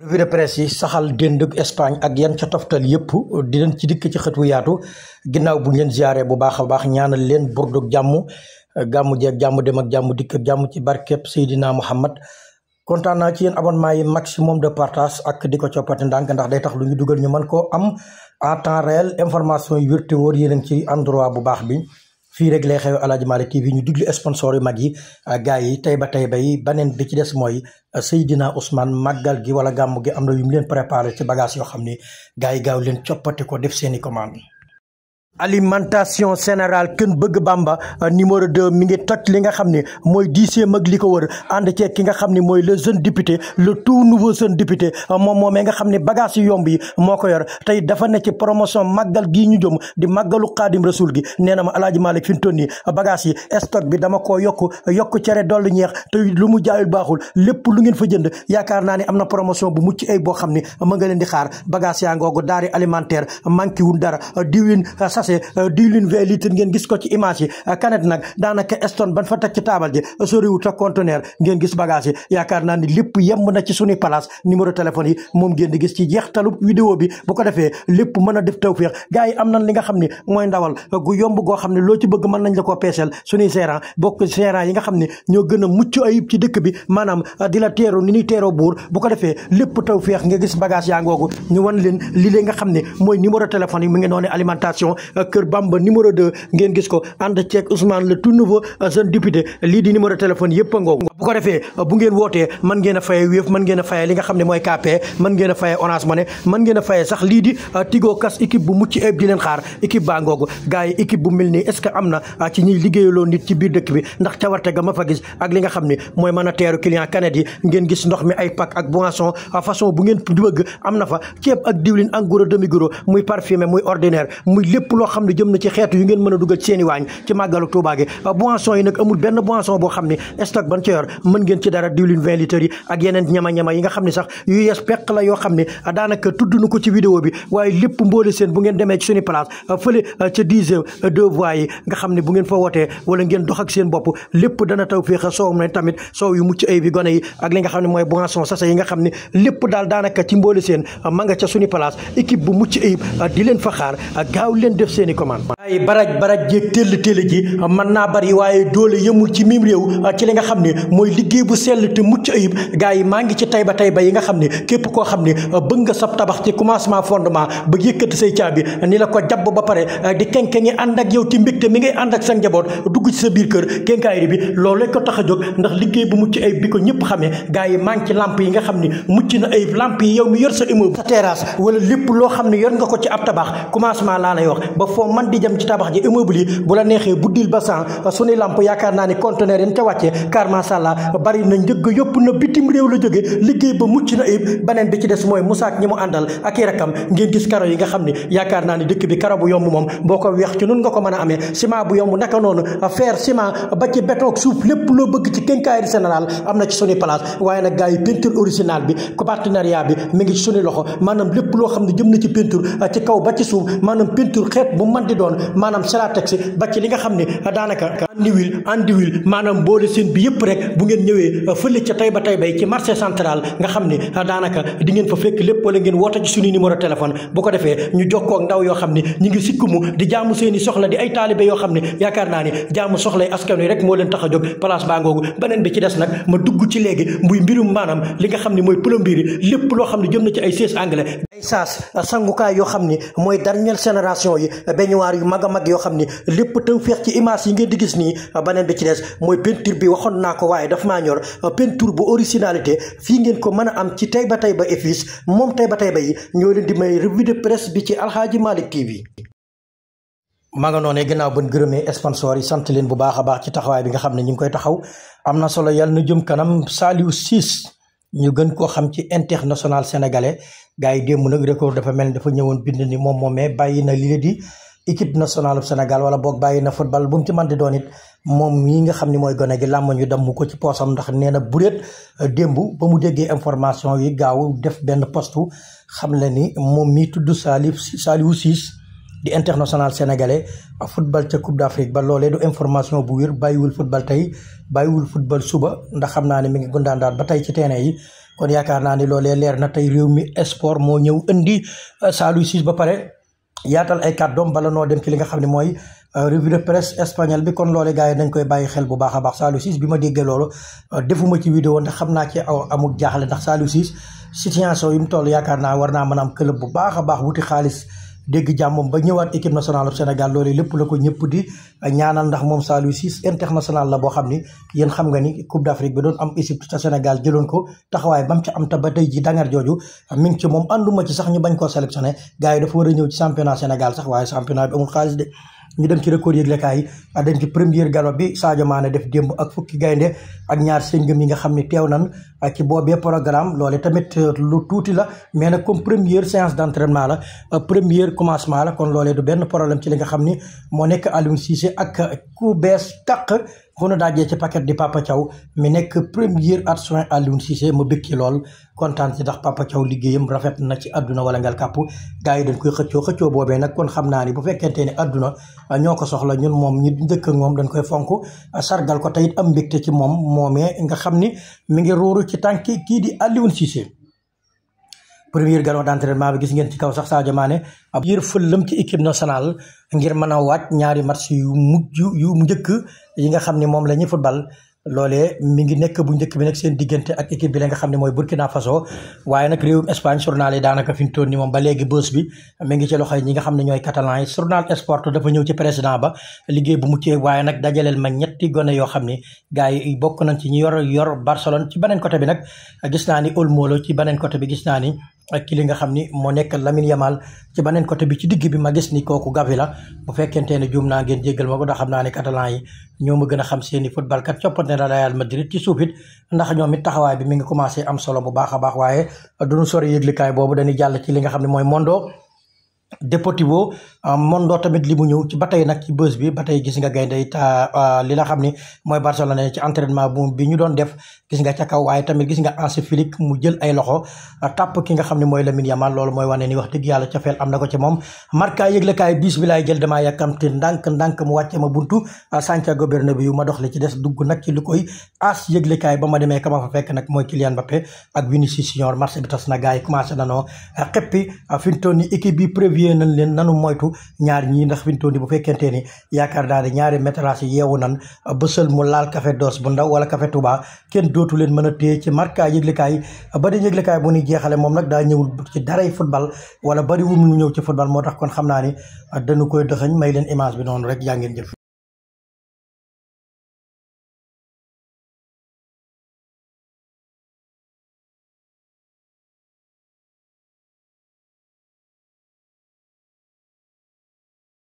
revue de presse yi saxal dénduk Espagne ak yan ca toftal yëpp di leen ci dikk ci xët wu yaatu ginnaaw bu leen ziare bu baax a baax ñaanal leen burduk jàmm gàmmu jeeg jàmm dem ak jàmm dikk ak jàmm ci barkeb Seydina Muhammad kontaan naa ci yéen abonnement yi maximum de partage ak di ko coppati ndànk ndax day tax lu ñu dugal ñu man ko am en temps réel information yu wérte wóor yéen ci endroit bu baax bi fii rek lay xew ma Malick TV ñu diglu sponsor mag yi ah, gars yi tey ba tey bay baneen bi ci des mooy ah, Seydina Ousmane màggal gi wala gàmm gi am na yu mu leen préparé ci bagage yoo xam ni gars yi gaaw leen coppati ko def seeni commande alimentation générale Kën Bëgg Bamba euh, numéro 2 mi ngi toj li nga xam ne mooy dixième mag li ko wër ànd ceeg ki nga xam ni mooy le jeune député le tout nouveau jeune député euh, moom moomee nga xam ne bagage yu yomb yi moo ko yor tey dafa ne ci promotion màggal gii ñu jom di màggalu xaadim rasul gi nee na ma alaaji Malick fi mu nii bagage yi stock bi dama koo yokk yokku cere dollu ñeex te lu mu jaayul baaxul lépp lu ngeen fa jënd yaakaar naa ne am na promotion bu mucc ay boo xam ne ma nga leen di xaar bagage yaa ngoogu daari alimentaire manqué wun dara euh, passé euh, diwlin vingt litres ngeen gis ko ci image yi canette euh, nag daanaka stone ban fa teg ci taabal ji euh, soriwut ak conteneur ngeen gis bagage yi yaakaar naa ni lépp yemb na ci suñu place numéro téléphone yi moom ngeen di gis ci jeextalu vidéo bi bu ko defee lépp mën a def tawféex gars yi am nañ li nga xam ne mooy ndawal gu yomb goo xam ne loo ci bëgg mën nañ la koo peeseel suñuy gérant bokk gérant yi nga xam ne ñoo gën a mucc ci dëkk bi maanaam di la teeroo ni ñuy teeroo buur bu ko defee lépp tawféex nga gis bagage yaa ngoogu ñu wan leen li lée nga xam ne mooy numéro téléphone yi mu ngi noonu alimentation a kër Bamba numéro 2 ngeen gis ko ànd ceeg Ousmane le tout nouveau jeune député lii di numéro téléphone yëpp a ngoogu bu ko defee bu ngeen wootee mën ngeen a faye wéef mën ngeen faye li nga xam ne mooy kape mën a faye Orange Money mën ngeen lii di ah, Tigo Cash équipe mucc ayib di leen xaar équipe baa ngoogu gars mel nii est-ce que am na ah, ci ñuy liggéeyaloo nit ci biir dëkk bi ndax cawarte nga xam ne mooy mën a teeru client kanet ngeen gis ndox mi ay pack ak boisson ah, façon bu ngeen bëgg am na fa ceeb ak diwlin en gros demi muy parfumé muy ordinaire muy lépp loo loo xam ne jëm na ci xeetu yu ngeen mën a dugal ci seen i waañ ci màggalu Tuubaa euh, boisson yi nag benn boisson boo xam ne stock ban ci yor mën ngeen ci dara diwlin 20 litres yi ak yeneen ñama-ñama yi xam ne sax yu yees yoo xam ne daanaka tudd nu ko ci vidéo bi waaye lépp mboole seen bu ngeen demee ci suñu place euh, fële euh, ca 10 deux voies yi nga xam ne bu ngeen fa wootee wala ngeen dox ak seen bopp lépp dana taw féex a soow na tamit soow yu mucc ay bi gone ak li nga xam ne mooy boisson sachet yi nga xam ne lépp daal daanaka ci mboole seen ma nga ca suñu place équipe bu mucc ayib di leen fa xaar gaaw def seen i commande waaye baraj baraj jéeg téll téll ji mën naa bari waaye doole yëmul ci mim réew ci li nga xam ne mooy liggéey bu sell te mucc ayib gars yi maa ngi ci Taïba Taïba yi nga xam ne képp koo xam ne euh, bëgg nga sab tabax ci commencement fondement ba yëkkati say caabi ni la ko jabb ba pare euh, di kenke ànd ak yow ci mbégte mi ngay ànd ak sa njaboot dugg ci sa biir kër kenkaayri bi loolu ko tax a jóg ndax liggéey bu mucc ayib bi ko ñëpp xamee gars yi maa ngi ci làmp yi nga xam ni mucc na ayib lamp yi yow mi yor sa immeuble sa terrasse wala lépp loo xam ne yor nga ko ci ab tabax commencement laa lay wax ba foo man di jëm ci tabax ji immeuble yi bu la neexee buddil ba san suñu lamp yaakaar naa ni conteneur yan ca wàcce car masha Allah bari na njëgg yëpp na bitim réew la jóge liggéey ba mucc na ayib beneen bi ci des mooy Moussa ñi mu àndal ak i rakam ngeen gis karo yi nga xam ni yaakaar naa ni dëkk bi karo bu yomb moom boo ko weex ci nun nga ko mën a amee ciment bu yomb naka noonu fer ciment ba ci béton suuf lépp loo bëgg ci quincaillerie générale am na ci suñu place waaye nag gars yi peinture originale bi ko partenariat bi mi ngi ci suñu loxo maanaam lépp loo xam ne jëm na ci peinture ci kaw ba ci suuf lépp bu mën di doon maanaam salatex ba ci li nga xam ne daanaka andiwil andiwil maanaam boole seen bi yëpp rek bu ngeen ñëwee euh, fële ca Taïba Taïba yi ci marché central nga xam ne euh, daanaka di ngeen fa fekk lépp wala ngeen woote ci suñu numéro téléphone bu ko defee ñu jokkoo ak ndaw yoo xam ne ñu ngi sikkumu di jaamu seeni soxla di ay taalibe yoo xam ne yaakaar naa ne jaamu soxla askan wi rek moo leen tax a jóg place baa ngoogu beneen bi ci des nag ma dugg ci léegi muy mbirum maanaam li nga xam ne mooy plombier yi lépp loo xam ne jëm na ci ay siège anglais ay sangukaay yoo xam ne mooy dernière génération yi baignoire yu mag a mag yoo xam ni lépp taw feex ci image yi ngeen di gis nii baneen bi ci des mooy peinture bi waxoon naa ko waaye daf maa ñor peinture bu originalité fii ngeen ko mën a am ci tey ba tey Taïba Office moom tey ba yi ñoo leen di may revue de presse bi ci Aladji Malick TV maa nga noonee gannaaw bën gërëmee sponsor yi sant leen bu baax a baax ci taxawaay bi nga xam ne ñu ngi koy taxaw am na solo yal na jëm kanam Saliou Ciss ñu gën koo xam ci international sénégalais gars yi démb nag record dafa mel ni dafa ñëwoon bind ni moom moom moomee bàyyi na lii di équipe nationale Sénégal wala boog bàyyi na football bu mu ci mën di doon it moom mii nga xam ni mooy gone gi làmm ñu mu ko ci poosam ndax nee na bureet démb ba mu jegee information yi gaaw def benn postu xam le ni moom mii tudd Salif Saliou Ciss di international sénégalais football ca Coupe d'Afrique ba loolee du information bu wér bàyyiwul football tey bàyyiwul football suba ndax xam naa ne mi ngi gundaandaat ba tey ci terrain yi kon yaakaar naa ne loole leer na tey réew mi sport moo ñëw indi euh, Saliou Ciss ba pare yaatal ay doom bala noo dem ci li nga xam ne mooy euh, revue de presse espagnol bi kon loole gaa yi dañ koy bàyyi xel bu baax a baax Saliou Ciss bi ma déggee loolu euh, defuma ci vidéo ndax xam naa ci aw amul jaaxle ndax Saliou Ciss situation yi mu toll yaakaar naa war naa mën a bu baax a baax wuti xaalis dégg jàmmam ba ñëwaat équipe nationale du Sénégal loolu lépp la ko ñëpp di ñaanal ndax moom Saliou Ciss international la boo xam ni yéen xam nga ni Coupe d'Afrique bi doon am Égypte ca Sénégal jëloon ko taxawaay ba mu ca am ta ba tey ji dangar jooju mi ngi ci moom ànduma ci sax ñu bañ koo sélectionné gars yi war a ñëw championnat Sénégal sax waaye championnat bi amul xaalis de ñu dem ci record yëglekaay yi dem ci première galop bi Sadio maana def démb ak fukki gaynde ak ñaar séngam yi nga xam ne teew nan ci boobee programme loole tamit lu tuuti la mais nag comme première séance d' entraînement la première commencement la kon loolee du benn problème ci li nga xam ni moo nekk Aliou Cissé ak ku bees tàq honodaje ci paquet di Papa Thiaw mi nekk premier adjoint Aliou Cissé ma bëgg ci lool kontaan si ndax Papa Thiaw liggéeyam rafet na ci àdduna wala ngal kàpp gars yi dañ koy xëccoo xëccoo boobee nag kon xam naa ni bu fekkente ne àdduna ah, ñoo ko soxla ñun moom ñi dëkk moom dañ koy fonk ah, sargal ko teyit am mbégte ci moom moomee nga xam ni mi ngi ruuru ci tànk kii di Aliou Cissé premier galon d'entraînement bi gis ngeen ci kaw sax Sadio Mané ab yër fëllam ci équipe nationale ngir mën a waaj ñaari match yu mujj yu njëkk yi nga xam ni moom la ñuy football loolee mi ngi nekk bu njëkk bi nag seen diggante ak équipe bi la nga ne mooy Burkina Faso waaye nag réewum Espagne journal daanaka fi mu toll nii moom ba léegi bës bi mi ngi ci loxoy ñi nga xam ne ñooy catalan yi journal sport dafa ñëw ci président ba liggéey bu muccee waaye nag dajaleel ma ñetti gone yoo xam ne gars yi bokk nañ ci ñu yor yor Barcelone ci beneen côté bi nag gis naa ni Olmolo ci beneen côté bi naa ni ak li nga xam ni moo nekk Lamine Yamal ci beneen côté bi ci digg bi ma gis ni kooku Gavi la bu fekkente ne juum naa ngeen jéggal ma ko ndax xam naa ne catalan yi ñoo ma gën a xam seeni football kat coppat ne la ma Madrid ci suuf it ndax ñoom it taxawaay bi mi ngi commencé am solo bu baax a baax waaye duñu sori yëglikaay boobu dañuy jàll ci li nga xam ne mooy Mundo Deportivo Mondo tamit li mu ñëw ci ba tey nag ci bës bi ba tey gis nga gaynde it ah, li nga xam ne mooy Barcelone ci entraînement bu bi ñu doon def gis nga ca kaw waaye tamit gis nga Hansi Flick mu jël ay loxo ah, tàpp ki nga xam ne mooy Lamine Yamal loolu mooy wane ni wax dëgg yàlla cafeel am na ko ci moom marka yëglekaay bis bi laay jël damaa yàkkamti ndànk ndànk mu wàcce ma buntu ah, Santiago Bernabéu ma dox li ci des dugg nag ci lu koy as yëglekaay ba ma demee ka ma fa fekk nag mooy Kylian Mbappé ak Vinicius Junior marché bi tas commencé nanoo xeppi fi mu toll nii nañ leen nanu moytu ñaar ñii ndax fintoon di bu fekkente ni yaakaar naa ne ñaari métrage yi yeewu nan ba sël mu laal kafe dos bu ndaw wala kafe Touba kenn dootu leen mën a téye ci marka yëglikaay ba di yëglikaay bu ñuy jeexale moom nag daa ñëwul ci daray football wala bari wum ñëw ci football moo tax kon xam naa ni a dañu koy dëxañ may leen image bi noonu rek yaa ngeen jëf